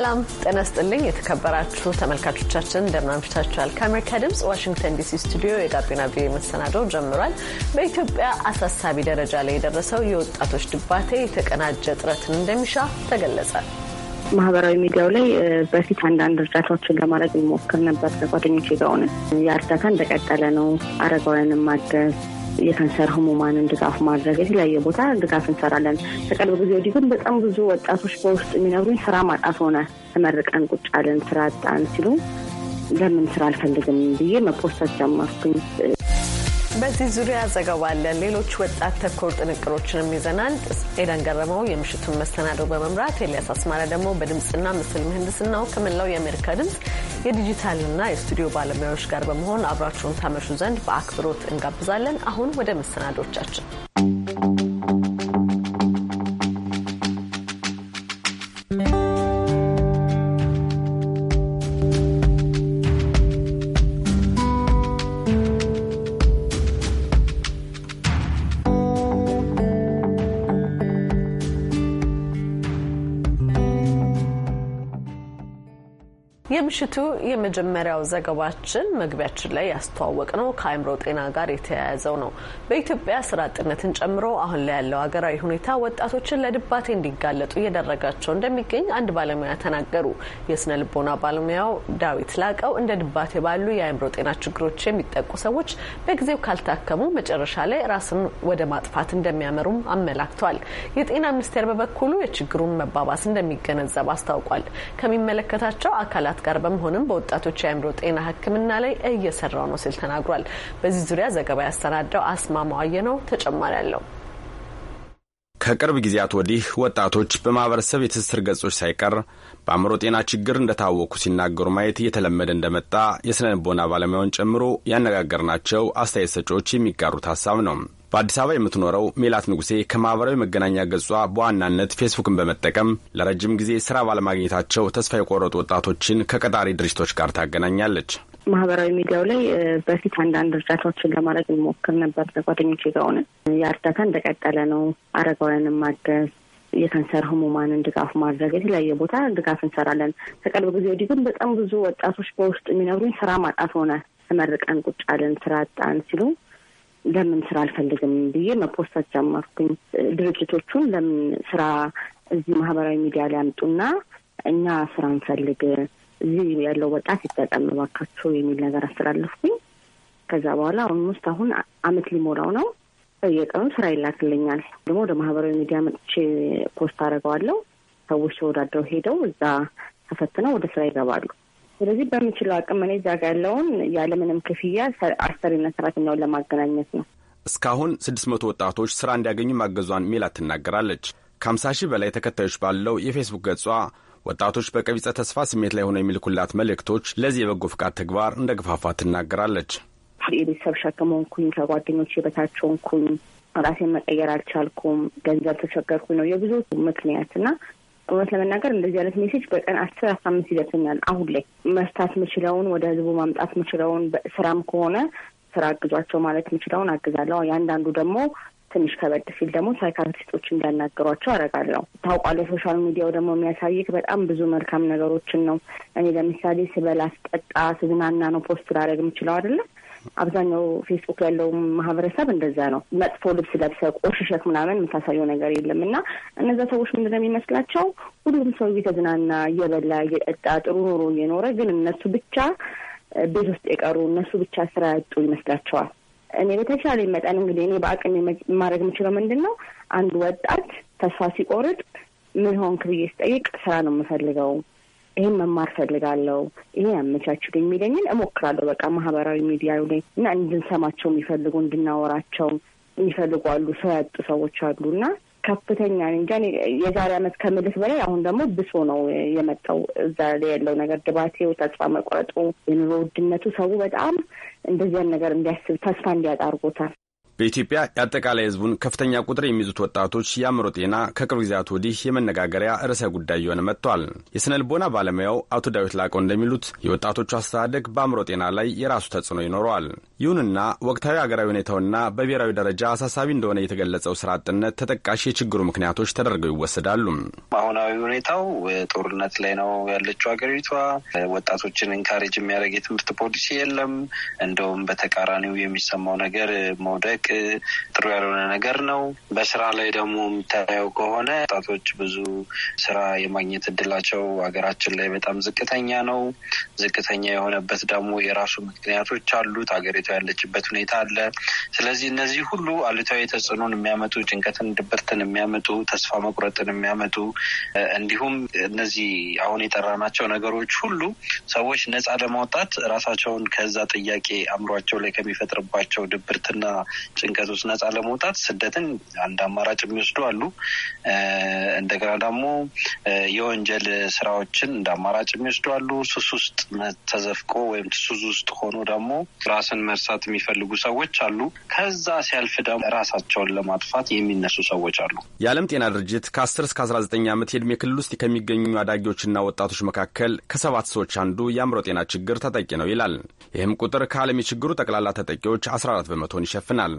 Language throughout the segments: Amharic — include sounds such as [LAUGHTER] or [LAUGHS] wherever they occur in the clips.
ሰላም ጤና ይስጥልኝ። የተከበራችሁ ተመልካቾቻችን እንደምን አምሽታችኋል? ከአሜሪካ ድምጽ ዋሽንግተን ዲሲ ስቱዲዮ የጋቢና ቪ መሰናዶው ጀምሯል። በኢትዮጵያ አሳሳቢ ደረጃ ላይ የደረሰው የወጣቶች ድባቴ የተቀናጀ ጥረትን እንደሚሻ ተገለጸ። ማህበራዊ ሚዲያው ላይ በፊት አንዳንድ እርዳታዎችን ለማድረግ ሞክር ነበር ከጓደኞች ጋር ሆነን ያ እርዳታ እንደቀጠለ ነው። አረጋውያንን ማገዝ የካንሰር ህሙማንን ድጋፍ ማድረግ የተለያየ ቦታ ድጋፍ እንሰራለን። ከቅርብ ጊዜ ወዲህ ግን በጣም ብዙ ወጣቶች በውስጥ የሚነግሩኝ ስራ ማጣት ሆነ፣ ተመርቀን ቁጭ አልን ስራ አጣን ሲሉ ለምን ስራ አልፈልግም ብዬ መፖስት ጀመርኩኝ። በዚህ ዙሪያ ዘገባ አለን። ሌሎች ወጣት ተኮር ጥንቅሮችንም ይዘናል። ኤደን ገረመው የምሽቱን መሰናደው በመምራት ኤልያስ አስማረ ደግሞ በድምፅና ምስል ምህንድስናው ከመላው የአሜሪካ ድምፅ የዲጂታልና የስቱዲዮ ባለሙያዎች ጋር በመሆን አብራችሁን ታመሹ ዘንድ በአክብሮት እንጋብዛለን። አሁን ወደ መሰናዶቻችን የምሽቱ የመጀመሪያው ዘገባችን መግቢያችን ላይ ያስተዋወቅ ነው ከአእምሮ ጤና ጋር የተያያዘው ነው። በኢትዮጵያ ስራ አጥነትን ጨምሮ አሁን ላይ ያለው ሀገራዊ ሁኔታ ወጣቶችን ለድባቴ እንዲጋለጡ እየደረጋቸው እንደሚገኝ አንድ ባለሙያ ተናገሩ። የስነ ልቦና ባለሙያው ዳዊት ላቀው እንደ ድባቴ ባሉ የአእምሮ ጤና ችግሮች የሚጠቁ ሰዎች በጊዜው ካልታከሙ መጨረሻ ላይ ራስን ወደ ማጥፋት እንደሚያመሩም አመላክቷል። የጤና ሚኒስቴር በበኩሉ የችግሩን መባባስ እንደሚገነዘብ አስታውቋል። ከሚመለከታቸው አካላት ጋር በመሆንም በወጣቶች የአእምሮ ጤና ሕክምና ላይ እየሰራው ነው ሲል ተናግሯል። በዚህ ዙሪያ ዘገባ ያሰናዳው አስማማው አየነው ተጨማሪ አለው። ከቅርብ ጊዜያት ወዲህ ወጣቶች በማህበረሰብ የትስስር ገጾች ሳይቀር በአእምሮ ጤና ችግር እንደታወቁ ሲናገሩ ማየት እየተለመደ እንደመጣ የስነ ልቦና ባለሙያውን ጨምሮ ያነጋገርናቸው አስተያየት ሰጪዎች የሚጋሩት ሀሳብ ነው። በአዲስ አበባ የምትኖረው ሜላት ንጉሴ ከማህበራዊ መገናኛ ገጿ በዋናነት ፌስቡክን በመጠቀም ለረጅም ጊዜ ስራ ባለማግኘታቸው ተስፋ የቆረጡ ወጣቶችን ከቀጣሪ ድርጅቶች ጋር ታገናኛለች። ማህበራዊ ሚዲያው ላይ በፊት አንዳንድ እርዳታዎችን ለማድረግ እንሞክር ነበር ከጓደኞቼ ጋር ሆነን። ያ እርዳታ እንደቀጠለ ነው። አረጋውያንን ማገዝ፣ የካንሰር ህሙማንን ድጋፍ ማድረግ፣ የተለያየ ቦታ ድጋፍ እንሰራለን። ከቅርብ ጊዜ ወዲህ ግን በጣም ብዙ ወጣቶች በውስጥ የሚነግሩኝ ስራ ማጣት ሆነ፣ ተመርቀን ቁጭ አለን ስራ አጣን ሲሉ ለምን ስራ አልፈልግም ብዬ መፖስታት ጀመርኩኝ። ድርጅቶቹን ለምን ስራ እዚህ ማህበራዊ ሚዲያ ላይ ያምጡና እኛ ስራ እንፈልግ፣ እዚህ ያለው ወጣት ይጠቀም የሚል ነገር አስተላለፍኩኝ። ከዛ በኋላ አሁን ውስጥ አሁን አመት ሊሞላው ነው። በየቀኑ ስራ ይላክልኛል። ደግሞ ወደ ማህበራዊ ሚዲያ መጥቼ ፖስት አደርገዋለሁ። ሰዎች ተወዳድረው ሄደው እዛ ተፈትነው ወደ ስራ ይገባሉ። ስለዚህ በምችለው አቅም እኔ እዛ ጋ ያለውን ያለምንም ክፍያ አሰሪና ሰራተኛውን ለማገናኘት ነው። እስካሁን ስድስት መቶ ወጣቶች ስራ እንዲያገኙ ማገዟን ሜላ ትናገራለች። ከሀምሳ ሺህ በላይ ተከታዮች ባለው የፌስቡክ ገጿ ወጣቶች በቀቢጸ ተስፋ ስሜት ላይ ሆነው የሚልኩላት መልእክቶች ለዚህ የበጎ ፍቃድ ተግባር እንደ ግፋፋ ትናገራለች። የቤተሰብ ሸክም ሆንኩኝ፣ ከጓደኞቼ ሆንኩኝ፣ ራሴን መቀየር አልቻልኩም፣ ገንዘብ ተቸገርኩኝ ነው የብዙ ምክንያት እና እውነት ለመናገር እንደዚህ አይነት ሜሴጅ በቀን አስር አስራ አምስት ይደርሰኛል። አሁን ላይ መፍታት የምችለውን ወደ ህዝቡ ማምጣት የምችለውን ስራም ከሆነ ስራ አግዟቸው ማለት የምችለውን አግዛለሁ። ያንዳንዱ ደግሞ ትንሽ ከበድ ሲል ደግሞ ሳይካትሪስቶች እንዲያናገሯቸው አደርጋለሁ። ታውቋለህ፣ ሶሻል ሚዲያው ደግሞ የሚያሳይክ በጣም ብዙ መልካም ነገሮችን ነው። እኔ ለምሳሌ ስበላ፣ ስጠጣ፣ ስዝናና ነው ፖስት ላደርግ የምችለው አይደለም አብዛኛው ፌስቡክ ያለው ማህበረሰብ እንደዛ ነው። መጥፎ ልብስ ለብሰ ቆሽሸት ምናምን የምታሳየው ነገር የለም እና እነዛ ሰዎች ምንድን ነው የሚመስላቸው ሁሉም ሰው እየተዝናና እየበላ እየጠጣ ጥሩ ኑሮ እየኖረ ግን እነሱ ብቻ ቤት ውስጥ የቀሩ እነሱ ብቻ ስራ ያጡ ይመስላቸዋል። እኔ በተቻለ መጠን እንግዲህ እኔ በአቅም ማድረግ የምችለው ምንድን ነው አንድ ወጣት ተስፋ ሲቆርጥ ምን ሆንክ ብዬ ስጠይቅ ስራ ነው የምፈልገው ይህን መማር ፈልጋለው፣ ይሄ ያመቻችሉ የሚለኝን እሞክራለሁ። በቃ ማህበራዊ ሚዲያ ላይ እና እንድንሰማቸው የሚፈልጉ እንድናወራቸው የሚፈልጉ አሉ። ሰው ያጡ ሰዎች አሉ እና ከፍተኛ እንጃ የዛሬ አመት ከምልስ በላይ አሁን ደግሞ ብሶ ነው የመጣው። እዛ ላይ ያለው ነገር ድባቴው፣ ተስፋ መቁረጡ፣ የኑሮ ውድነቱ ሰው በጣም እንደዚያን ነገር እንዲያስብ ተስፋ እንዲያጣርጎታል በኢትዮጵያ የአጠቃላይ ሕዝቡን ከፍተኛ ቁጥር የሚይዙት ወጣቶች የአእምሮ ጤና ከቅርብ ጊዜያት ወዲህ የመነጋገሪያ ርዕሰ ጉዳይ እየሆነ መጥቷል። የሥነ ልቦና ባለሙያው አቶ ዳዊት ላቀው እንደሚሉት የወጣቶቹ አስተዳደግ በአእምሮ ጤና ላይ የራሱ ተጽዕኖ ይኖረዋል። ይሁንና ወቅታዊ አገራዊ ሁኔታውና በብሔራዊ ደረጃ አሳሳቢ እንደሆነ የተገለጸው ስራ አጥነት ተጠቃሽ የችግሩ ምክንያቶች ተደርገው ይወሰዳሉ። አሁናዊ ሁኔታው ጦርነት ላይ ነው ያለችው ሀገሪቷ። ወጣቶችን ኢንካሬጅ የሚያደርግ የትምህርት ፖሊሲ የለም። እንደውም በተቃራኒው የሚሰማው ነገር መውደቅ ጥሩ ያልሆነ ነገር ነው። በስራ ላይ ደግሞ የምታየው ከሆነ ወጣቶች ብዙ ስራ የማግኘት እድላቸው ሀገራችን ላይ በጣም ዝቅተኛ ነው። ዝቅተኛ የሆነበት ደግሞ የራሱ ምክንያቶች አሉት። ሀገሪቷ ያለችበት ሁኔታ አለ። ስለዚህ እነዚህ ሁሉ አሉታዊ ተጽዕኖን የሚያመጡ ጭንቀትን፣ ድብርትን የሚያመጡ ተስፋ መቁረጥን የሚያመጡ እንዲሁም እነዚህ አሁን የጠራናቸው ነገሮች ሁሉ ሰዎች ነጻ ለማውጣት ራሳቸውን ከዛ ጥያቄ አእምሯቸው ላይ ከሚፈጥርባቸው ድብርትና ውስጥ ነጻ ለመውጣት ስደትን አንድ አማራጭ የሚወስዱ አሉ። እንደገና ደግሞ የወንጀል ስራዎችን እንደ አማራጭ የሚወስዱ አሉ። ሱስ ውስጥ ተዘፍቆ ወይም ሱስ ውስጥ ሆኖ ደግሞ ራስን መርሳት የሚፈልጉ ሰዎች አሉ። ከዛ ሲያልፍ ደግሞ ራሳቸውን ለማጥፋት የሚነሱ ሰዎች አሉ። የዓለም ጤና ድርጅት ከ እስከ አስራ 19 ዓመት የእድሜ ክልል ውስጥ ከሚገኙ አዳጊዎችና ወጣቶች መካከል ከሰባት ሰዎች አንዱ የአእምሮ ጤና ችግር ተጠቂ ነው ይላል። ይህም ቁጥር ከዓለም የችግሩ ጠቅላላ ተጠቂዎች 14 በመቶን ይሸፍናል።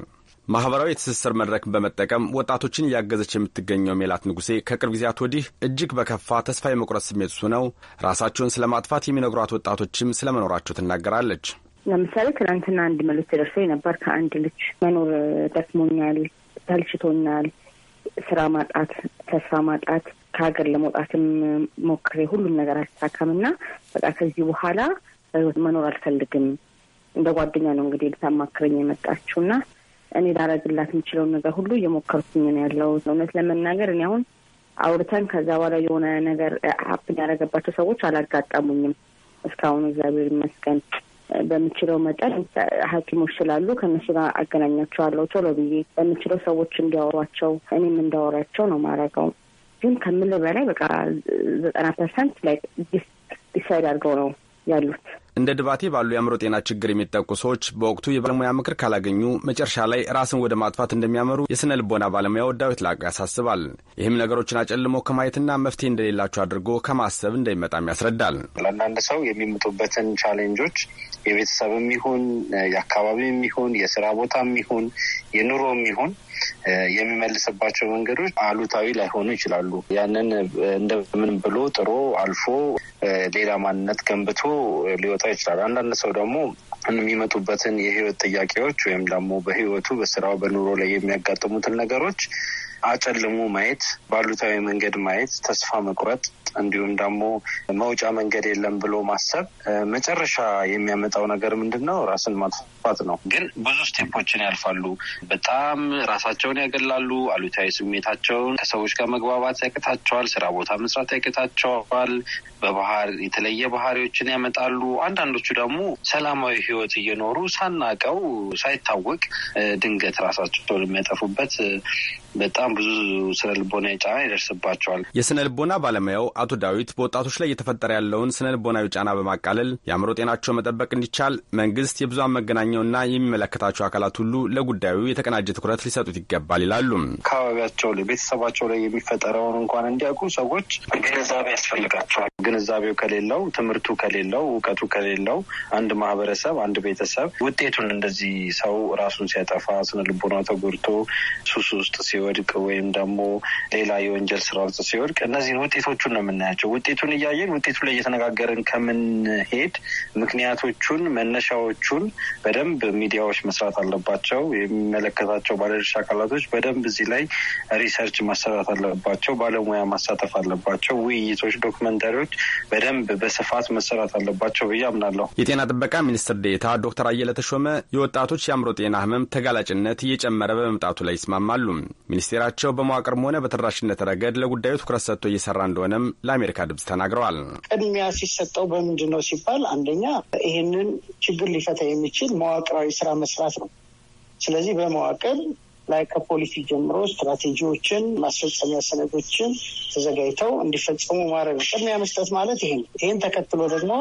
ማህበራዊ የትስስር መድረክን በመጠቀም ወጣቶችን እያገዘች የምትገኘው ሜላት ንጉሴ ከቅርብ ጊዜያት ወዲህ እጅግ በከፋ ተስፋ የመቁረጥ ስሜት ሱ ሆነው ራሳቸውን ስለ ማጥፋት የሚነግሯት ወጣቶችም ስለመኖራቸው ትናገራለች። ለምሳሌ ትናንትና አንድ መልዕክት ደርሶኝ ነበር። ከአንድ ልጅ መኖር ደክሞኛል፣ ተልችቶኛል፣ ስራ ማጣት፣ ተስፋ ማጣት፣ ከሀገር ለመውጣትም ሞክሬ ሁሉም ነገር አልተሳካም እና በቃ ከዚህ በኋላ መኖር አልፈልግም እንደ ጓደኛ ነው እንግዲህ ልታማክረኝ የመጣችው እና እኔ ላረግላት የምችለውን ነገር ሁሉ እየሞከርኩኝ ነው ያለው። እውነት ለመናገር እኔ አሁን አውርተን ከዛ በኋላ የሆነ ነገር ሀፕን ያደረገባቸው ሰዎች አላጋጠሙኝም እስካሁን እግዚአብሔር ይመስገን። በምችለው መጠን ሐኪሞች ስላሉ ከእነሱ ጋር አገናኛቸዋለሁ ቶሎ ብዬ በምችለው ሰዎች እንዲያወሯቸው እኔም እንዳወራቸው ነው ማረገው። ግን ከምል በላይ በቃ ዘጠና ፐርሰንት ላይ ዲሳይድ አድርገው ነው ያሉት እንደ ድባቴ ባሉ የአእምሮ ጤና ችግር የሚጠቁ ሰዎች በወቅቱ የባለሙያ ምክር ካላገኙ መጨረሻ ላይ ራስን ወደ ማጥፋት እንደሚያመሩ የሥነ ልቦና ባለሙያው ዳዊት ላቀ ያሳስባል። ይህም ነገሮችን አጨልሞ ከማየትና መፍትሄ እንደሌላቸው አድርጎ ከማሰብ እንደሚመጣም ያስረዳል። ለአንዳንድ ሰው የሚመጡበትን ቻሌንጆች የቤተሰብም ይሁን የአካባቢም ይሁን የስራ ቦታም ይሁን የኑሮም ይሁን የሚመልስባቸው መንገዶች አሉታዊ ላይሆኑ ይችላሉ። ያንን እንደምን ብሎ ጥሮ አልፎ ሌላ ማንነት ገንብቶ ሊወጣ ይችላል። አንዳንድ ሰው ደግሞ የሚመጡበትን የህይወት ጥያቄዎች ወይም ደግሞ በህይወቱ በስራው በኑሮ ላይ የሚያጋጥሙትን ነገሮች አጨልሞ ማየት፣ ባሉታዊ መንገድ ማየት፣ ተስፋ መቁረጥ እንዲሁም ደግሞ መውጫ መንገድ የለም ብሎ ማሰብ መጨረሻ የሚያመጣው ነገር ምንድን ነው? ራስን ማጥፋት ነው። ግን ብዙ ስቴፖችን ያልፋሉ። በጣም ራሳቸውን ያገላሉ። አሉታዊ ስሜታቸውን ከሰዎች ጋር መግባባት ያቅታቸዋል። ስራ ቦታ መስራት ያቅታቸዋል። በባህር የተለየ ባህሪዎችን ያመጣሉ። አንዳንዶቹ ደግሞ ሰላማዊ ህይወት እየኖሩ ሳናቀው ሳይታወቅ ድንገት ራሳቸውን የሚያጠፉበት በጣም ብዙ ስነ ልቦና ጫና ይደርስባቸዋል። የስነ ልቦና ባለሙያው አቶ ዳዊት በወጣቶች ላይ እየተፈጠረ ያለውን ስነ ልቦናዊ ጫና በማቃለል የአእምሮ ጤናቸው መጠበቅ እንዲቻል መንግስት፣ የብዙሃን መገናኛውና የሚመለከታቸው አካላት ሁሉ ለጉዳዩ የተቀናጀ ትኩረት ሊሰጡት ይገባል ይላሉ። አካባቢያቸው ላይ ቤተሰባቸው ላይ የሚፈጠረውን እንኳን እንዲያውቁ ሰዎች ግንዛቤ ያስፈልጋቸዋል። ግንዛቤው ከሌለው፣ ትምህርቱ ከሌለው፣ እውቀቱ ከሌለው አንድ ማህበረሰብ አንድ ቤተሰብ ውጤቱን እንደዚህ ሰው ራሱን ሲያጠፋ ስነ ልቦና ተጎድቶ ሱስ ውስጥ ሲወድቅ ወይም ደግሞ ሌላ የወንጀል ስራ ውስጥ ሲወድቅ እነዚህን ውጤቶቹን ነው የምናያቸው። ውጤቱን እያየን ውጤቱ ላይ እየተነጋገርን ከምንሄድ ምክንያቶቹን፣ መነሻዎቹን በደንብ ሚዲያዎች መስራት አለባቸው። የሚመለከታቸው ባለድርሻ አካላቶች በደንብ እዚህ ላይ ሪሰርች ማሰራት አለባቸው። ባለሙያ ማሳተፍ አለባቸው። ውይይቶች፣ ዶክመንተሪዎች በደንብ በስፋት መሰራት አለባቸው ብዬ አምናለሁ። የጤና ጥበቃ ሚኒስትር ዴታ ዶክተር አየለ ተሾመ የወጣቶች የአእምሮ ጤና ህመም ተጋላጭነት እየጨመረ በመምጣቱ ላይ ይስማማሉ። ሚኒስቴራቸው በመዋቅርም ሆነ በተደራሽነት ረገድ ለጉዳዩ ትኩረት ሰጥቶ እየሰራ እንደሆነም ለአሜሪካ ድምፅ ተናግረዋል። ቅድሚያ ሲሰጠው በምንድን ነው ሲባል አንደኛ ይህንን ችግር ሊፈታ የሚችል መዋቅራዊ ስራ መስራት ነው። ስለዚህ በመዋቅር ላይ ከፖሊሲ ጀምሮ ስትራቴጂዎችን፣ ማስፈጸሚያ ሰነዶችን ተዘጋጅተው እንዲፈጸሙ ማድረግ ነው። ቅድሚያ መስጠት ማለት ይሄ ነው። ይህን ተከትሎ ደግሞ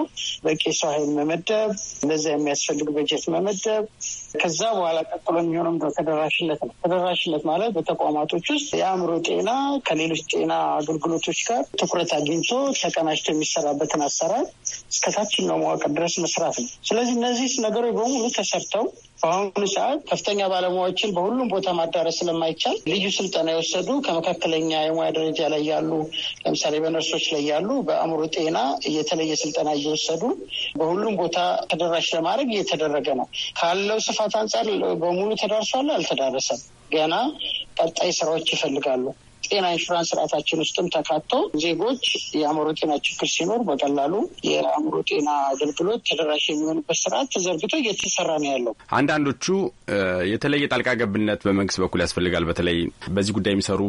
በቂ ሰው ኃይል መመደብ፣ ለዛ የሚያስፈልግ በጀት መመደብ፣ ከዛ በኋላ ቀጥሎ የሚሆነው ተደራሽነት ነው። ተደራሽነት ማለት በተቋማቶች ውስጥ የአእምሮ ጤና ከሌሎች ጤና አገልግሎቶች ጋር ትኩረት አግኝቶ ተቀናጅቶ የሚሰራበትን አሰራር እስከ መዋቅር ድረስ መስራት ነው። ስለዚህ እነዚህ ነገሮች በሙሉ ተሰርተው በአሁኑ ሰዓት ከፍተኛ ባለሙያዎችን በሁሉም ቦታ ማዳረስ ስለማይቻል ልዩ ስልጠና የወሰዱ ከመካከለኛ የሙያ ደረጃ ላይ ያሉ ለምሳሌ በነርሶች ላይ ያሉ በአእምሮ ጤና የተለየ ስልጠና እየወሰዱ በሁሉም ቦታ ተደራሽ ለማድረግ እየተደረገ ነው። ካለው ስፋት አንጻር በሙሉ ተዳርሷል? አልተዳረሰም። ገና ቀጣይ ስራዎች ይፈልጋሉ። ጤና ኢንሹራንስ ስርዓታችን ውስጥም ተካቶ ዜጎች የአእምሮ ጤና ችግር ሲኖር በቀላሉ የአእምሮ ጤና አገልግሎት ተደራሽ የሚሆንበት ስርዓት ተዘርግቶ እየተሰራ ነው ያለው። አንዳንዶቹ የተለየ ጣልቃ ገብነት በመንግስት በኩል ያስፈልጋል። በተለይ በዚህ ጉዳይ የሚሰሩ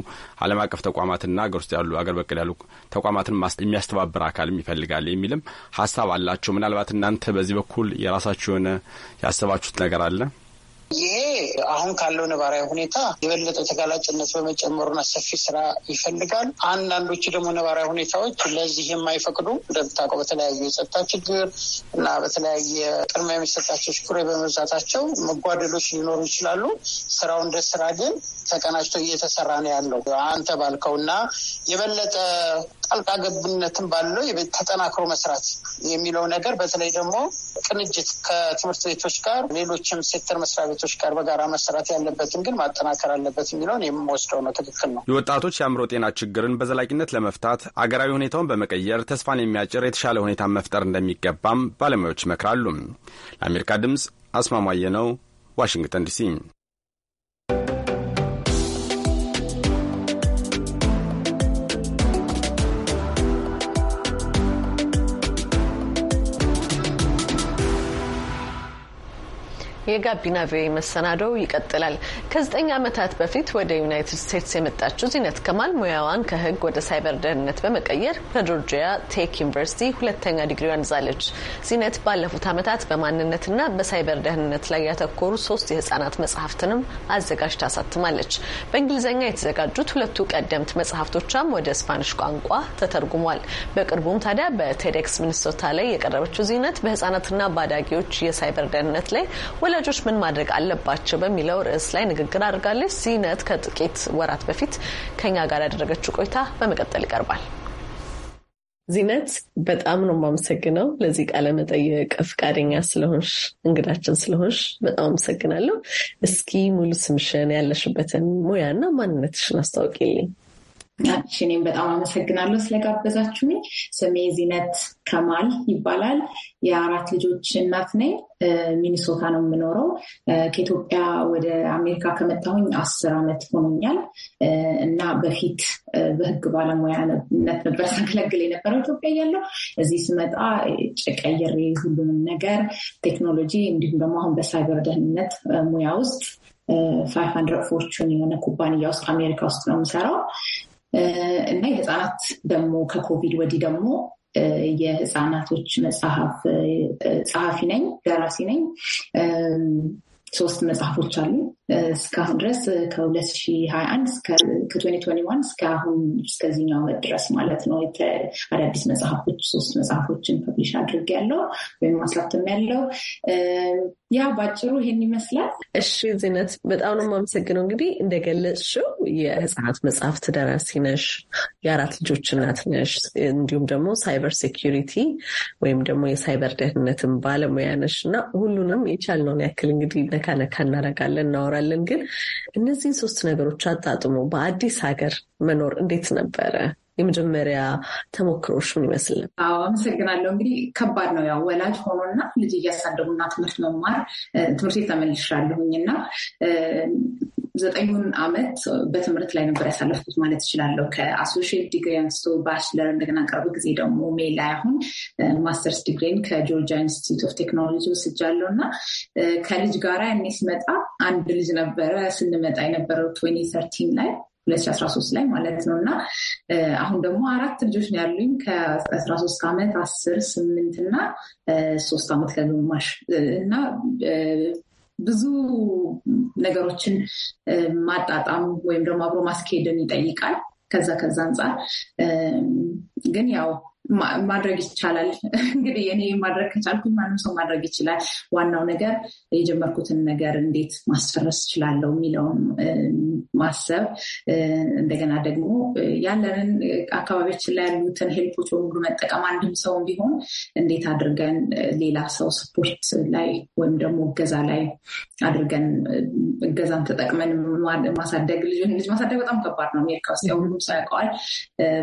ዓለም አቀፍ ተቋማትና ሀገር ውስጥ ያሉ አገር በቀል ያሉ ተቋማትን የሚያስተባብር አካልም ይፈልጋል የሚልም ሀሳብ አላቸው። ምናልባት እናንተ በዚህ በኩል የራሳችሁ የሆነ ያሰባችሁት ነገር አለ? ይሄ አሁን ካለው ነባራዊ ሁኔታ የበለጠ ተጋላጭነት በመጨመሩና ሰፊ ስራ ይፈልጋል። አንዳንዶቹ ደግሞ ነባራዊ ሁኔታዎች ለዚህ የማይፈቅዱ እንደምታውቀው በተለያዩ የጸጥታ ችግር እና በተለያየ ቅድሚያ የሚሰጣቸው ሽኩሬ በመብዛታቸው መጓደሎች ሊኖሩ ይችላሉ። ስራው እንደ ስራ ግን ተቀናጅቶ እየተሰራ ነው ያለው አንተ እና የበለጠ ጣልቃ ገብነትን ባለው ተጠናክሮ መስራት የሚለው ነገር በተለይ ደግሞ ቅንጅት ከትምህርት ቤቶች ጋር ሌሎችም ሴክተር መስሪያ ቤቶች ከወጣቶች ጋር በጋራ መሰራት ያለበትን ግን ማጠናከር አለበት የሚለውን የምወስደው ነው። ትክክል ነው። የወጣቶች የአእምሮ ጤና ችግርን በዘላቂነት ለመፍታት አገራዊ ሁኔታውን በመቀየር ተስፋን የሚያጭር የተሻለ ሁኔታ መፍጠር እንደሚገባም ባለሙያዎች ይመክራሉ። ለአሜሪካ ድምፅ አስማማየ ነው፣ ዋሽንግተን ዲሲ። የጋቢና ቪኦኤ መሰናዶው ይቀጥላል። ከዘጠኝ ዓመታት በፊት ወደ ዩናይትድ ስቴትስ የመጣችው ዚነት ከማል ሙያዋን ከህግ ወደ ሳይበር ደህንነት በመቀየር በጆርጂያ ቴክ ዩኒቨርሲቲ ሁለተኛ ዲግሪዋን ይዛለች። ዚነት ባለፉት ዓመታት በማንነትና በሳይበር ደህንነት ላይ ያተኮሩ ሶስት የህጻናት መጽሐፍትንም አዘጋጅ ታሳትማለች። በእንግሊዝኛ የተዘጋጁት ሁለቱ ቀደምት መጽሐፍቶቿም ወደ ስፓኒሽ ቋንቋ ተተርጉሟል። በቅርቡም ታዲያ በቴዴክስ ሚኒሶታ ላይ የቀረበችው ዚነት በህጻናትና በአዳጊዎች የሳይበር ደህንነት ላይ ወላጆች ምን ማድረግ አለባቸው በሚለው ርዕስ ላይ ንግግር አድርጋለች። ሲነት ከጥቂት ወራት በፊት ከኛ ጋር ያደረገችው ቆይታ በመቀጠል ይቀርባል። ዚነት በጣም ነው የማመሰግነው ለዚህ ቃለ መጠየቅ ፈቃደኛ ስለሆንሽ እንግዳችን ስለሆንሽ በጣም አመሰግናለሁ። እስኪ ሙሉ ስምሽን ያለሽበትን ሙያና ማንነትሽን አስታውቂልኝ። እሺ እኔም በጣም አመሰግናለሁ ስለጋበዛችሁኝ። ስሜ ዚነት ከማል ይባላል። የአራት ልጆች እናት ነኝ። ሚኒሶታ ነው የምኖረው። ከኢትዮጵያ ወደ አሜሪካ ከመጣሁኝ አስር ዓመት ሆኖኛል እና በፊት በሕግ ባለሙያነት ነበር ሳገለግል የነበረው ኢትዮጵያ እያለሁ። እዚህ ስመጣ ጭቀይሬ ሁሉንም ነገር ቴክኖሎጂ፣ እንዲሁም ደግሞ አሁን በሳይበር ደህንነት ሙያ ውስጥ ፋይቭ ሀንድረድ ፎርቹን የሆነ ኩባንያ ውስጥ አሜሪካ ውስጥ ነው የምሰራው እና የህፃናት ደግሞ ከኮቪድ ወዲህ ደግሞ የህፃናቶች መጽሐፍ ጸሐፊ ነኝ፣ ደራሲ ነኝ። ሶስት መጽሐፎች አሉ። እስካሁን ድረስ ከ2021 ከ2021 እስከ አሁን እስከዚህኛው ዓመት ድረስ ማለት ነው። አዳዲስ መጽሐፎች ሶስት መጽሐፎችን ፐብሊሽ ያለው ወይም ማስላትም ያለው ያ ባጭሩ ይሄን ይመስላል። እሺ ዜነት በጣም ነው የማመሰግነው። እንግዲህ እንደገለጽሽው የህፃናት መጽሐፍት ደራሲ ነሽ፣ የአራት ልጆች እናት ነሽ፣ እንዲሁም ደግሞ ሳይበር ሴኪሪቲ ወይም ደግሞ የሳይበር ደህንነትን ባለሙያ ነሽ እና ሁሉንም የቻልነውን ያክል እንግዲህ ነካ ነካ እናደርጋለን እናወራለን። ግን እነዚህን ሶስት ነገሮች አጣጥሞ በአዲስ ሀገር መኖር እንዴት ነበረ? የመጀመሪያ ተሞክሮች ምን ይመስል አዎ አመሰግናለሁ። እንግዲህ ከባድ ነው ያው ወላጅ ሆኖና ልጅ እያሳደጉና ትምህርት መማር ትምህርት ቤት ተመልሻለሁኝ እና ዘጠኙን አመት በትምህርት ላይ ነበር ያሳለፍኩት ማለት እችላለሁ። ከአሶሽት ዲግሪ አንስቶ ባችለር፣ እንደገና ቅርብ ጊዜ ደግሞ ላይ አሁን ማስተርስ ዲግሪን ከጆርጂያ ኢንስቲትዩት ኦፍ ቴክኖሎጂ ወስጃለሁ እና ከልጅ ጋራ እኔ ስመጣ አንድ ልጅ ነበረ ስንመጣ የነበረው ትዌንቲ ሰርቲን ላይ 2013 ላይ ማለት ነው እና አሁን ደግሞ አራት ልጆች ነው ያሉኝ ከ13 ዓመት 10 ስምንት እና ሶስት ዓመት ከግማሽ እና ብዙ ነገሮችን ማጣጣም ወይም ደግሞ አብሮ ማስኬድን ይጠይቃል። ከዛ ከዛ አንጻር ግን ያው ማድረግ ይቻላል። [LAUGHS] እንግዲህ እኔ ማድረግ ከቻልኩኝ ማንም ሰው ማድረግ ይችላል። ዋናው ነገር የጀመርኩትን ነገር እንዴት ማስፈረስ እችላለሁ የሚለውን ማሰብ፣ እንደገና ደግሞ ያለንን አካባቢያችን ላይ ያሉትን ሄልፖች በሙሉ መጠቀም፣ አንድም ሰው ቢሆን እንዴት አድርገን ሌላ ሰው ስፖርት ላይ ወይም ደግሞ እገዛ ላይ አድርገን እገዛን ተጠቅመን ማሳደግ ልጅ ማሳደግ በጣም ከባድ ነው። አሜሪካ ውስጥ ሁሉም ሰው ያውቀዋል።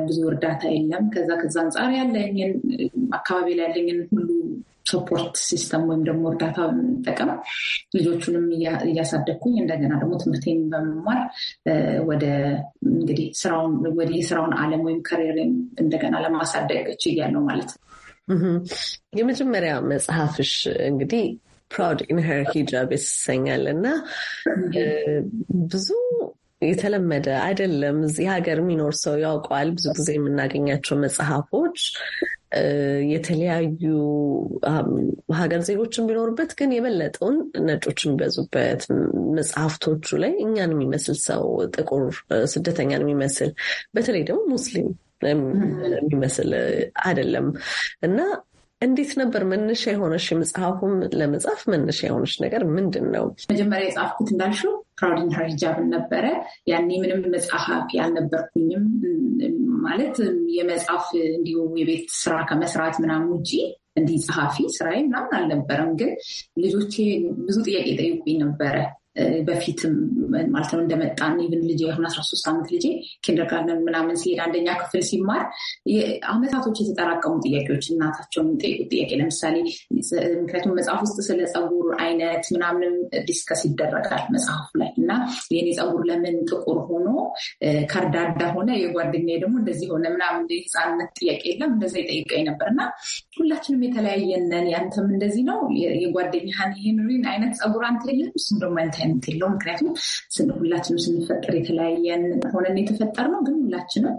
ብዙ እርዳታ የለም። ከዛ ከዛ አንጻር ያለኝን አካባቢ ላይ ያለኝን ሁሉ ሰፖርት ሲስተም ወይም ደግሞ እርዳታ በመጠቀም ልጆቹንም እያሳደግኩኝ እንደገና ደግሞ ትምህርቴን በመማር ወደ እንግዲህ ስራውን ወደ የስራውን አለም ወይም ከሪሬን እንደገና ለማሳደግ ችያለሁ ማለት ነው። የመጀመሪያ መጽሐፍሽ እንግዲህ ፕራውድ ኢን ሄር ሂጃብ ይሰኛል እና ብዙ የተለመደ አይደለም። እዚህ ሀገር የሚኖር ሰው ያውቀዋል። ብዙ ጊዜ የምናገኛቸው መጽሐፎች የተለያዩ ሀገር ዜጎችን ቢኖሩበት ግን የበለጠውን ነጮች የሚበዙበት መጽሐፍቶቹ ላይ እኛን የሚመስል ሰው ጥቁር ስደተኛን የሚመስል በተለይ ደግሞ ሙስሊም የሚመስል አይደለም እና እንዴት ነበር መነሻ የሆነሽ? መጽሐፉም ለመጻፍ መነሻ የሆነች ነገር ምንድን ነው? መጀመሪያ የጻፍኩት እንዳልሽው ፕራውዲን ሀር ሂጃብን ነበረ። ያኔ ምንም መጽሐፍ ያልነበርኩኝም ማለት የመጽሐፍ እንዲሁ የቤት ስራ ከመስራት ምናምን ውጪ እንዲህ ጸሐፊ ስራዬ ምናምን አልነበረም። ግን ልጆቼ ብዙ ጥያቄ ጠይቁኝ ነበረ በፊትም ማለት ነው እንደመጣን ብን ልጅ የሆነ አስራ ሶስት ዓመት ልጄ ኪንደርጋርደን ምናምን ሲሄድ አንደኛ ክፍል ሲማር አመታቶች የተጠራቀሙ ጥያቄዎች እናታቸውን የሚጠይቁት ጥያቄ ለምሳሌ ምክንያቱም መጽሐፍ ውስጥ ስለ ፀጉር አይነት ምናምንም ዲስከስ ይደረጋል መጽሐፉ ላይ እና የኔ ፀጉር ለምን ጥቁር ሆኖ ከርዳዳ ሆነ የጓደኛ ደግሞ እንደዚህ ሆነ ምናምን የህፃንነት ጥያቄ የለም እንደዚ ይጠይቀኝ ነበር እና ሁላችንም የተለያየነን ያንተም እንደዚህ ነው የጓደኛህን ይህን አይነት ፀጉር አንተ የለም እሱም ደግሞ አንተ ተቀባይነት የለው። ምክንያቱም ሁላችንም ስንፈጠር የተለያየን ሆነን የተፈጠር ነው። ግን ሁላችንም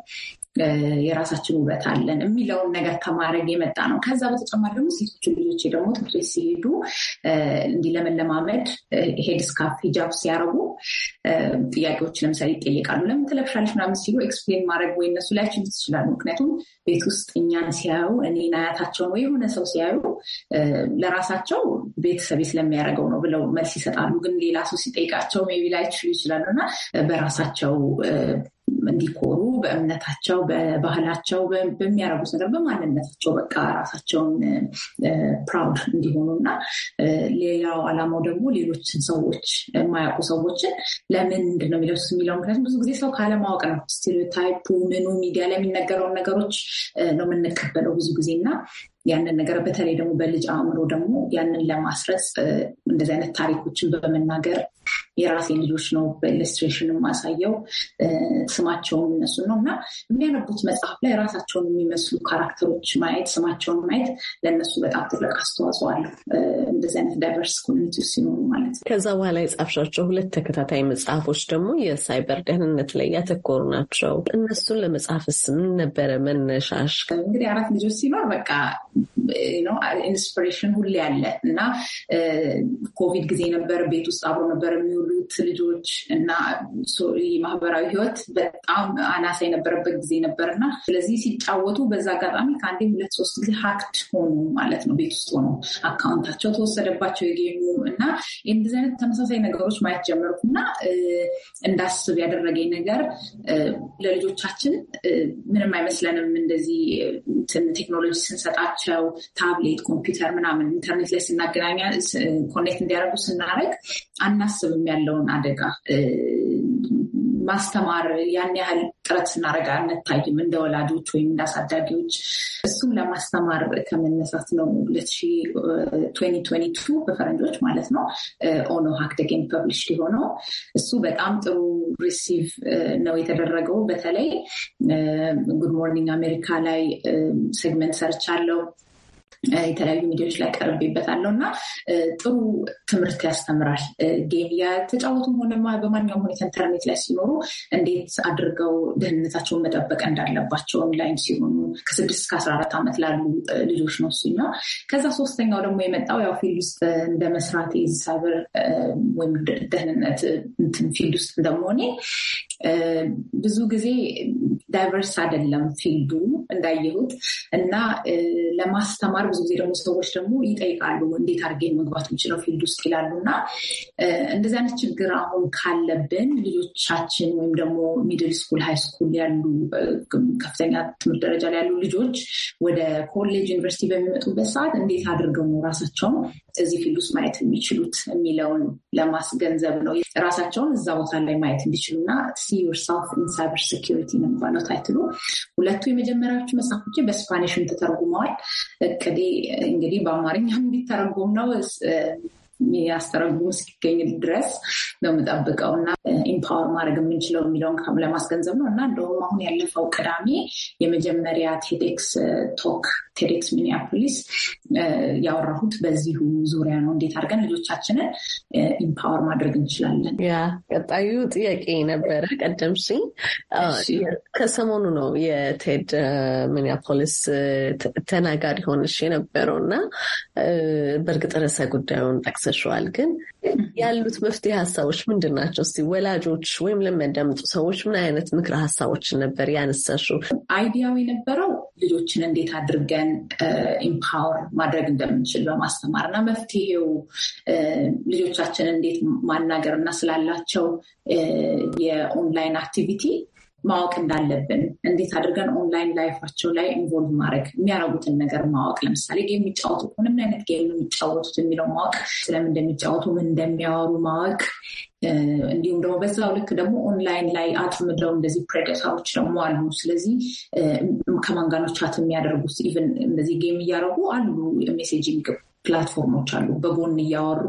የራሳችን ውበት አለን የሚለውን ነገር ከማድረግ የመጣ ነው። ከዛ በተጨማሪ ደግሞ ሴቶች ልጆች ደግሞ ትምህርት ቤት ሲሄዱ እንዲህ ለመለማመድ ሄድ ስካፍ ሂጃብ ሲያረጉ ጥያቄዎች ለምሳሌ ይጠየቃሉ። ለምን ትለብሻለች ምናምን ሲሉ ኤክስፕሌን ማድረግ ወይ እነሱ ላያችን ትችላሉ። ምክንያቱም ቤት ውስጥ እኛን ሲያዩ እኔን አያታቸውን ወይ የሆነ ሰው ሲያዩ ለራሳቸው ቤተሰቤ ስለሚያደርገው ነው ብለው መልስ ይሰጣሉ። ግን ሌላ ሰው ሲጠይቃቸው ሜይ ቢ ላይችሉ ይችላሉ እና በራሳቸው እንዲኮሩ በእምነታቸው፣ በባህላቸው፣ በሚያረጉት ነገር በማንነታቸው በቃ ራሳቸውን ፕራውድ እንዲሆኑ እና ሌላው አላማው ደግሞ ሌሎችን ሰዎች የማያውቁ ሰዎችን ለምን ነው የሚለብሱት የሚለው ምክንያቱም ብዙ ጊዜ ሰው ካለማወቅ ነው። ስቴሪዮታይፑ ምኑ ሚዲያ ላይ የሚነገረውን ነገሮች ነው የምንቀበለው ብዙ ጊዜ እና ያንን ነገር በተለይ ደግሞ በልጅ አእምሮ ደግሞ ያንን ለማስረጽ እንደዚህ አይነት ታሪኮችን በመናገር የራሴን ልጆች ነው በኢለስትሬሽን የማሳየው ስማቸውን እነሱ ነው እና የሚያነቡት መጽሐፍ ላይ ራሳቸውን የሚመስሉ ካራክተሮች ማየት ስማቸውን ማየት ለእነሱ በጣም ትልቅ አስተዋጽኦ አለው። እንደዚህ አይነት ዳይቨርስ ኮሚኒቲ ሲኖሩ ማለት ነው። ከዛ በኋላ የጻፍሻቸው ሁለት ተከታታይ መጽሐፎች ደግሞ የሳይበር ደህንነት ላይ ያተኮሩ ናቸው። እነሱን ለመጽሐፍስ ምን ነበረ መነሻሽ? እንግዲህ አራት ልጆች ሲኖር በቃ ኢንስፒሬሽን ሁሌ ያለ እና ኮቪድ uh, ጊዜ ነበር። ቤት ውስጥ አብሮ ነበር የሚውሉት ልጆች እና ማህበራዊ ህይወት በጣም አናሳ የነበረበት ጊዜ ነበር እና ስለዚህ ሲጫወቱ በዛ አጋጣሚ ከአንዴ ሁለት ሶስት ጊዜ ሀክድ ሆኑ ማለት ነው። ቤት ውስጥ ሆኖ አካውንታቸው ተወሰደባቸው የገኙ እና እንደዚህ አይነት ተመሳሳይ ነገሮች ማየት ጀመርኩ እና uh, እንዳስብ ያደረገኝ ነገር uh, ለልጆቻችን ምንም አይመስለንም እንደዚህ ቴክኖሎጂ ስንሰጣቸው ስልካቸው፣ ታብሌት፣ ኮምፒውተር ምናምን ኢንተርኔት ላይ ስናገናኛ ኮኔክት እንዲያደርጉ ስናደርግ አናስብም ያለውን አደጋ ማስተማር ያን ያህል ጥረት ስናደርግ አንታይም እንደ ወላጆች ወይም እንደ አሳዳጊዎች። እሱም ለማስተማር ከመነሳት ነው ሁለት በፈረንጆች ማለት ነው ኦኖ ሀክደጌን ፐብሊሽ የሆነው እሱ በጣም ጥሩ ሪሲቭ ነው የተደረገው። በተለይ ጉድ ሞርኒንግ አሜሪካ ላይ ሴግመንት አለው። የተለያዩ ሚዲያዎች ላይ ቀርቤበታለሁ እና ጥሩ ትምህርት ያስተምራል። ጌም የተጫወቱም ሆነ በማንኛውም ሁኔታ ኢንተርኔት ላይ ሲኖሩ እንዴት አድርገው ደህንነታቸውን መጠበቅ እንዳለባቸው ኦንላይን ሲሆኑ ከስድስት ከአስራ አራት ዓመት ላሉ ልጆች ነው እሱኛ። ከዛ ሶስተኛው ደግሞ የመጣው ያው ፊልድ ውስጥ እንደ መስራት ሳይበር ወይም ደህንነት ፊልድ ውስጥ እንደመሆኔ ብዙ ጊዜ ዳይቨርስ አይደለም ፊልዱ እንዳየሁት እና ለማስተማር ብዙ ጊዜ ደግሞ ሰዎች ደግሞ ይጠይቃሉ እንዴት አድርጌ መግባት የምችለው ፊልድ ውስጥ ይላሉ እና እንደዚህ አይነት ችግር አሁን ካለብን ልጆቻችን ወይም ደግሞ ሚድል ስኩል፣ ሃይ ስኩል ያሉ ከፍተኛ ትምህርት ደረጃ ላይ ያሉ ልጆች ወደ ኮሌጅ፣ ዩኒቨርሲቲ በሚመጡበት ሰዓት እንዴት አድርገው ነው ራሳቸውን እዚህ ፊልድ ውስጥ ማየት የሚችሉት የሚለውን ለማስገንዘብ ነው ራሳቸውን እዛ ቦታ ላይ ማየት እና ሲ ዮርሰልፍ ኢን ሳይበር ሴኪሪቲ ነው የሚባለው ታይትሉ። ሁለቱ የመጀመሪያዎቹ መጽሐፎቼ በስፓኒሽም ተተርጉመዋል። እቅዴ እንግዲህ በአማርኛ እንዲተረጉም ነው ያስተረጉሙ እስኪገኝ ድረስ ነው የምጠብቀው እና ኢምፓወር ማድረግ የምንችለው የሚለውን ለማስገንዘብ ነው እና እንደውም አሁን ያለፈው ቅዳሜ የመጀመሪያ ቴዴክስ ቶክ ቴዴክስ ሚኒያፖሊስ ያወራሁት በዚሁ ዙሪያ ነው። እንዴት አድርገን ልጆቻችንን ኢምፓወር ማድረግ እንችላለን? ያ ቀጣዩ ጥያቄ ነበረ። ቀደም ሲል ከሰሞኑ ነው የቴድ ሚኒያፖሊስ ተናጋሪ ሆነሽ የነበረው እና በእርግጥ ርዕሰ ጉዳዩን ጠቅሰሸዋል። ግን ያሉት መፍትሄ ሀሳቦች ምንድን ናቸው? እስኪ ወላጆች ወይም ለሚያዳምጡ ሰዎች ምን አይነት ምክረ ሀሳቦችን ነበር ያነሳሹ? አይዲያው የነበረው ልጆችን እንዴት አድርገን አድርገን ኢምፓወር ማድረግ እንደምንችል በማስተማር እና መፍትሄው ልጆቻችን እንዴት ማናገር እና ስላላቸው የኦንላይን አክቲቪቲ ማወቅ እንዳለብን እንዴት አድርገን ኦንላይን ላይፋቸው ላይ ኢንቮልቭ ማድረግ የሚያረጉትን ነገር ማወቅ፣ ለምሳሌ ጌም የሚጫወቱ ከሆነ ምን አይነት ጌም የሚጫወቱት የሚለው ማወቅ፣ ስለምን እንደሚጫወቱ ምን እንደሚያወሩ ማወቅ፣ እንዲሁም ደግሞ በዛው ልክ ደግሞ ኦንላይን ላይ አጥምደው እንደዚህ ፕሬደተሮች ደግሞ አሉ። ስለዚህ ከማንጋኖቻት የሚያደርጉት? ኢቨን እንደዚህ ጌም እያደረጉ አሉ። ሜሴጂንግ ፕላትፎርሞች አሉ። በጎን እያወሩ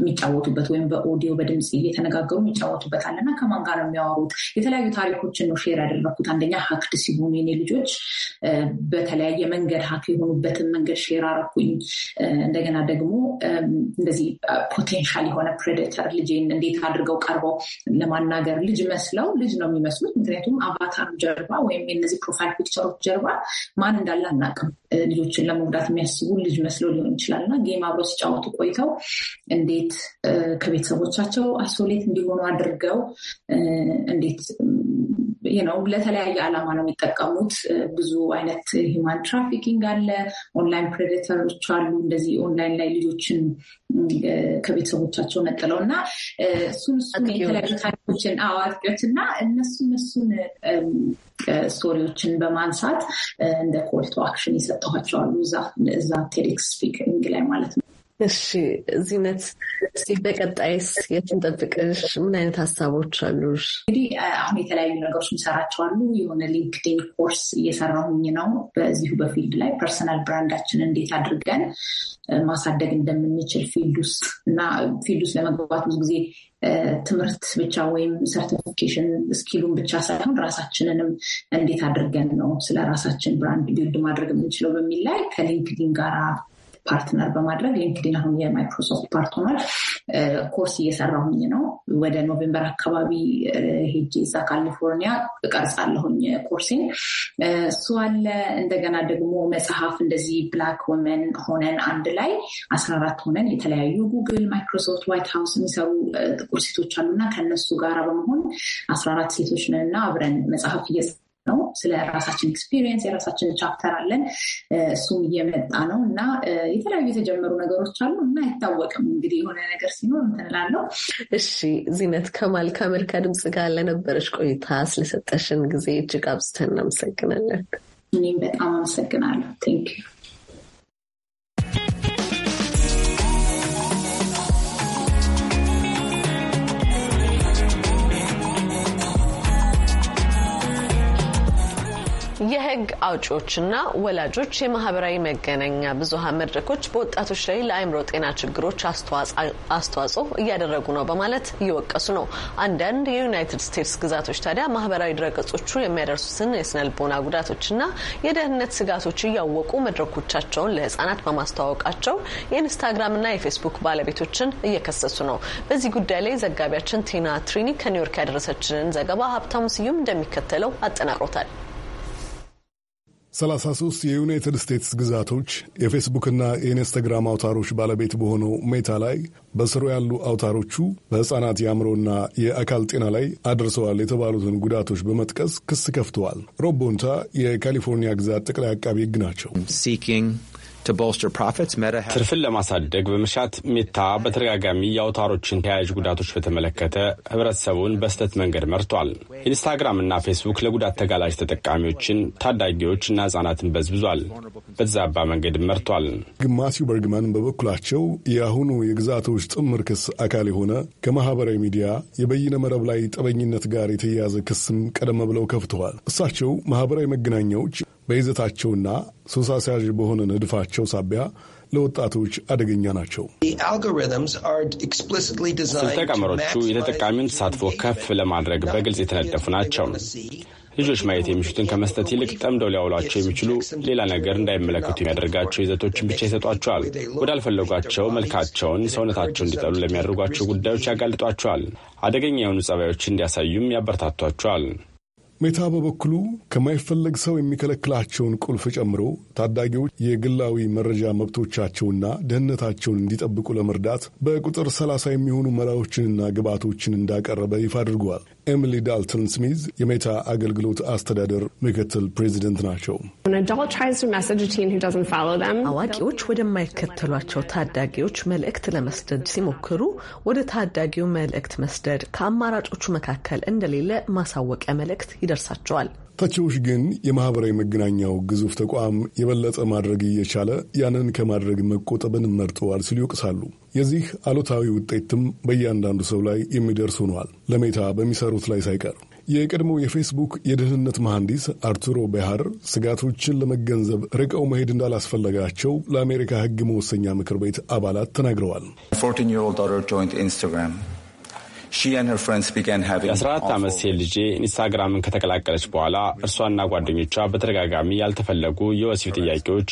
የሚጫወቱበት ወይም በኦዲዮ በድምፅ እየተነጋገሩ የሚጫወቱበት አለ እና ከማን ጋር ነው የሚያወሩት? የተለያዩ ታሪኮችን ነው ሼር ያደረኩት። አንደኛ ሀክድ ሲሆኑ የኔ ልጆች በተለያየ መንገድ ሀክ የሆኑበትን መንገድ ሼር አረኩኝ። እንደገና ደግሞ እንደዚህ ፖቴንሻል የሆነ ፕሬዴተር ልጅን እንዴት አድርገው ቀርበው ለማናገር ልጅ መስለው ልጅ ነው የሚመስሉት። ምክንያቱም አቫታር ጀርባ ወይም የነዚህ ፕሮፋይል ፒክቸሮች ጀርባ ማን እንዳለ አናውቅም። ልጆችን ለመጉዳት የሚያስቡ ልጅ መስለው ሊሆን ይችላል እና ጌም አብረው ሲጫወቱ ቆይተው እንዴት ከቤተሰቦቻቸው አሶሌት እንዲሆኑ አድርገው እንዴት ነው ለተለያየ ዓላማ ነው የሚጠቀሙት። ብዙ አይነት ሂውማን ትራፊኪንግ አለ፣ ኦንላይን ፕሬዴተሮች አሉ። እንደዚህ ኦንላይን ላይ ልጆችን ከቤተሰቦቻቸው ነጥለው እና እሱን እሱን የተለያዩ ታሪኮችን አዋቂዎች እና እነሱ እነሱን ስቶሪዎችን በማንሳት እንደ ኮል አክሽን ይሰጠኋቸዋሉ እዛ ቴሌክስ ስፒኪንግ ላይ ማለት ነው። እሺ እዚህነት እስቲ በቀጣይስ የትንጠብቅሽ ምን አይነት ሀሳቦች አሉ? እንግዲህ አሁን የተለያዩ ነገሮች ምሰራቸው አሉ። የሆነ ሊንክድን ኮርስ እየሰራሁኝ ነው በዚሁ በፊልድ ላይ ፐርሰናል ብራንዳችን እንዴት አድርገን ማሳደግ እንደምንችል ፊልድ ውስጥ እና ፊልድ ውስጥ ለመግባት ብዙ ጊዜ ትምህርት ብቻ ወይም ሰርቲፊኬሽን ስኪሉን ብቻ ሳይሆን ራሳችንንም እንዴት አድርገን ነው ስለ ራሳችን ብራንድ ቢልድ ማድረግ የምንችለው በሚል ላይ ከሊንክዲን ጋራ ፓርትነር በማድረግ ሊንክዲን አሁን የማይክሮሶፍት ፓርት ሆኗል። ኮርስ እየሰራሁኝ ነው። ወደ ኖቬምበር አካባቢ ሄጄ እዛ ካሊፎርኒያ እቀርጻለሁኝ ኮርሴን። እሱ አለ። እንደገና ደግሞ መጽሐፍ እንደዚህ ብላክ ወመን ሆነን አንድ ላይ አስራ አራት ሆነን የተለያዩ ጉግል፣ ማይክሮሶፍት፣ ዋይት ሀውስ የሚሰሩ ጥቁር ሴቶች አሉና ከነሱ ጋር በመሆን አስራ አራት ሴቶች ነን እና አብረን መጽሐፍ እየጻ ነው። ስለ ራሳችን ኤክስፒሪየንስ የራሳችን ቻፕተር አለን። እሱም እየመጣ ነው እና የተለያዩ የተጀመሩ ነገሮች አሉ እና አይታወቅም እንግዲህ የሆነ ነገር ሲኖር እንትንላለው። እሺ ዚነት ከማል ከአሜሪካ ድምፅ ጋር ለነበረች ቆይታ ስለሰጠሽን ጊዜ እጅግ አብዝተን እናመሰግናለን። እኔም በጣም አመሰግናለሁ። ቴንክ ዩ የህግ አውጪዎችና ወላጆች የማህበራዊ መገናኛ ብዙሀን መድረኮች በወጣቶች ላይ ለአእምሮ ጤና ችግሮች አስተዋጽኦ እያደረጉ ነው በማለት እየወቀሱ ነው። አንዳንድ የዩናይትድ ስቴትስ ግዛቶች ታዲያ ማህበራዊ ድረገጾቹ የሚያደርሱትን የስነልቦና ጉዳቶችና የደህንነት ስጋቶች እያወቁ መድረኮቻቸውን ለህጻናት በማስተዋወቃቸው የኢንስታግራምና የፌስቡክ ባለቤቶችን እየከሰሱ ነው። በዚህ ጉዳይ ላይ ዘጋቢያችን ቲና ትሪኒ ከኒውዮርክ ያደረሰችንን ዘገባ ሀብታሙ ስዩም እንደሚከተለው አጠናቅሮታል። 33 የዩናይትድ ስቴትስ ግዛቶች የፌስቡክና የኢንስታግራም አውታሮች ባለቤት በሆነው ሜታ ላይ በስሩ ያሉ አውታሮቹ በሕፃናት የአእምሮና የአካል ጤና ላይ አድርሰዋል የተባሉትን ጉዳቶች በመጥቀስ ክስ ከፍተዋል። ሮቦንታ የካሊፎርኒያ ግዛት ጠቅላይ አቃቢ ሕግ ናቸው። ትርፍን ለማሳደግ በመሻት ሜታ በተደጋጋሚ የአውታሮችን ተያያዥ ጉዳቶች በተመለከተ ህብረተሰቡን በስተት መንገድ መርቷል። ኢንስታግራም እና ፌስቡክ ለጉዳት ተጋላጭ ተጠቃሚዎችን፣ ታዳጊዎች እና ህጻናትን በዝብዟል፣ በተዛባ መንገድ መርቷል። ግማሲው በርግማን በበኩላቸው የአሁኑ የግዛቶች ጥምር ክስ አካል የሆነ ከማህበራዊ ሚዲያ የበይነ መረብ ላይ ጠበኝነት ጋር የተያያዘ ክስም ቀደም ብለው ከፍተዋል። እሳቸው ማህበራዊ መገናኛዎች በይዘታቸውና ሱስ አስያዥ በሆነ ንድፋቸው ሳቢያ ለወጣቶች አደገኛ ናቸው። ስልተ ቀመሮቹ የተጠቃሚውን ተሳትፎ ከፍ ለማድረግ በግልጽ የተነደፉ ናቸው። ልጆች ማየት የሚሹትን ከመስጠት ይልቅ ጠምደው ሊያውሏቸው የሚችሉ ሌላ ነገር እንዳይመለከቱ የሚያደርጋቸው ይዘቶችን ብቻ ይሰጧቸዋል። ወዳልፈለጓቸው መልካቸውን፣ ሰውነታቸው እንዲጠሉ ለሚያደርጓቸው ጉዳዮች ያጋልጧቸዋል። አደገኛ የሆኑ ጸባዮችን እንዲያሳዩም ያበረታቷቸዋል። ሜታ በበኩሉ ከማይፈለግ ሰው የሚከለክላቸውን ቁልፍ ጨምሮ ታዳጊዎች የግላዊ መረጃ መብቶቻቸውና ደህንነታቸውን እንዲጠብቁ ለመርዳት በቁጥር ሰላሳ የሚሆኑ መላዎችንና ግብዓቶችን እንዳቀረበ ይፋ አድርጓል። ኤሚሊ ዳልተን ስሚዝ የሜታ አገልግሎት አስተዳደር ምክትል ፕሬዚደንት ናቸው። አዋቂዎች ወደማይከተሏቸው ታዳጊዎች መልእክት ለመስደድ ሲሞክሩ ወደ ታዳጊው መልእክት መስደድ ከአማራጮቹ መካከል እንደሌለ ማሳወቂያ መልእክት ይደርሳቸዋል። ተቺዎች ግን የማኅበራዊ መገናኛው ግዙፍ ተቋም የበለጠ ማድረግ እየቻለ ያንን ከማድረግ መቆጠብን መርጠዋል ሲሉ ይወቅሳሉ። የዚህ አሉታዊ ውጤትም በእያንዳንዱ ሰው ላይ የሚደርስ ሆኗል፣ ለሜታ በሚሰሩት ላይ ሳይቀር። የቀድሞው የፌስቡክ የደህንነት መሐንዲስ አርቱሮ በሃር ስጋቶችን ለመገንዘብ ርቀው መሄድ እንዳላስፈለጋቸው ለአሜሪካ ሕግ መወሰኛ ምክር ቤት አባላት ተናግረዋል። የአስራአራት 14 ዓመት ሴት ልጄ ኢንስታግራምን ከተቀላቀለች በኋላ እርሷና ጓደኞቿ በተደጋጋሚ ያልተፈለጉ የወሲብ ጥያቄዎች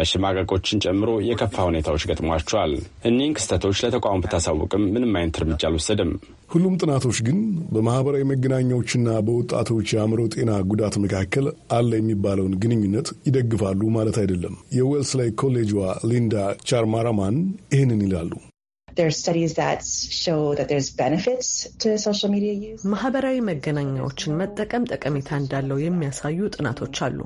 መሸማቀቆችን ጨምሮ የከፋ ሁኔታዎች ገጥሟቸዋል። እኒህን ክስተቶች ለተቋሙ ብታሳውቅም ምንም አይነት እርምጃ አልወሰድም። ሁሉም ጥናቶች ግን በማኅበራዊ መገናኛዎችና በወጣቶች የአእምሮ ጤና ጉዳት መካከል አለ የሚባለውን ግንኙነት ይደግፋሉ ማለት አይደለም። የዌልስላይ ኮሌጅዋ ሊንዳ ቻርማራማን ይህንን ይላሉ። ማህበራዊ መገናኛዎችን መጠቀም ጠቀሜታ እንዳለው የሚያሳዩ ጥናቶች አሉ።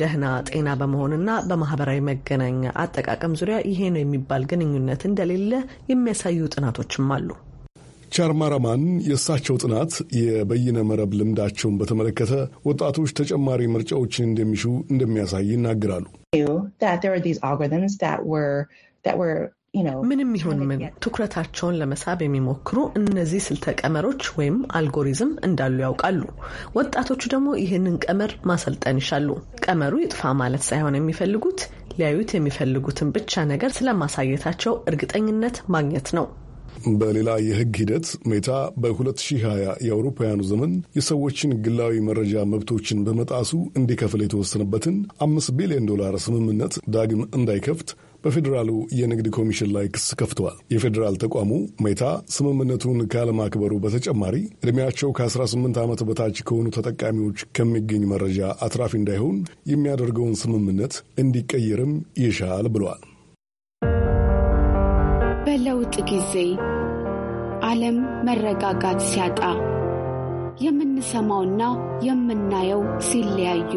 ደህና ጤና በመሆንና በማህበራዊ መገናኛ አጠቃቀም ዙሪያ ይሄ ነው የሚባል ግንኙነት እንደሌለ የሚያሳዩ ጥናቶችም አሉ። ቻርማራማን የእሳቸው ጥናት የበይነ መረብ ልምዳቸውን በተመለከተ ወጣቶች ተጨማሪ ምርጫዎችን እንደሚሹ እንደሚያሳይ ይናገራሉ። ምንም ይሁን ምን ትኩረታቸውን ለመሳብ የሚሞክሩ እነዚህ ስልተ ቀመሮች ወይም አልጎሪዝም እንዳሉ ያውቃሉ። ወጣቶቹ ደግሞ ይህንን ቀመር ማሰልጠን ይሻሉ። ቀመሩ ይጥፋ ማለት ሳይሆን የሚፈልጉት ሊያዩት የሚፈልጉትን ብቻ ነገር ስለማሳየታቸው እርግጠኝነት ማግኘት ነው። በሌላ የሕግ ሂደት ሜታ በ2020 የአውሮፓውያኑ ዘመን የሰዎችን ግላዊ መረጃ መብቶችን በመጣሱ እንዲከፍል የተወሰነበትን አምስት ቢሊዮን ዶላር ስምምነት ዳግም እንዳይከፍት በፌዴራሉ የንግድ ኮሚሽን ላይ ክስ ከፍተዋል። የፌዴራል ተቋሙ ሜታ ስምምነቱን ካለማክበሩ በተጨማሪ ዕድሜያቸው ከ18 ዓመት በታች ከሆኑ ተጠቃሚዎች ከሚገኝ መረጃ አትራፊ እንዳይሆን የሚያደርገውን ስምምነት እንዲቀየርም ይሻል ብለዋል። በለውጥ ጊዜ ዓለም መረጋጋት ሲያጣ የምንሰማውና የምናየው ሲለያዩ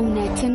እውነትን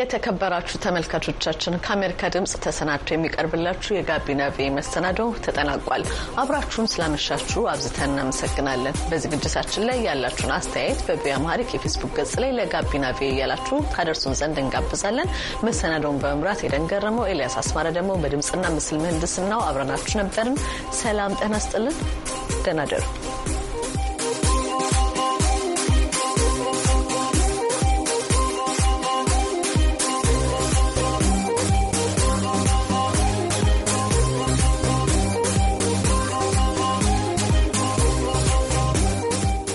የተከበራችሁ ተመልካቾቻችን ከአሜሪካ ድምጽ ተሰናድቶ የሚቀርብላችሁ የጋቢና ቪ መሰናዶው ተጠናቋል። አብራችሁን ስላመሻችሁ አብዝተን እናመሰግናለን። በዝግጅታችን ላይ ያላችሁን አስተያየት በቪ አማሪክ የፌስቡክ ገጽ ላይ ለጋቢና ቪ እያላችሁ ታደርሱን ዘንድ እንጋብዛለን። መሰናዶውን በመምራት የደን ገረመው፣ ኤልያስ አስማረ ደግሞ በድምፅና ምስል ምህንድስናው አብረናችሁ ነበርን። ሰላም ጤና ስጥልን። ደህና ደሩ።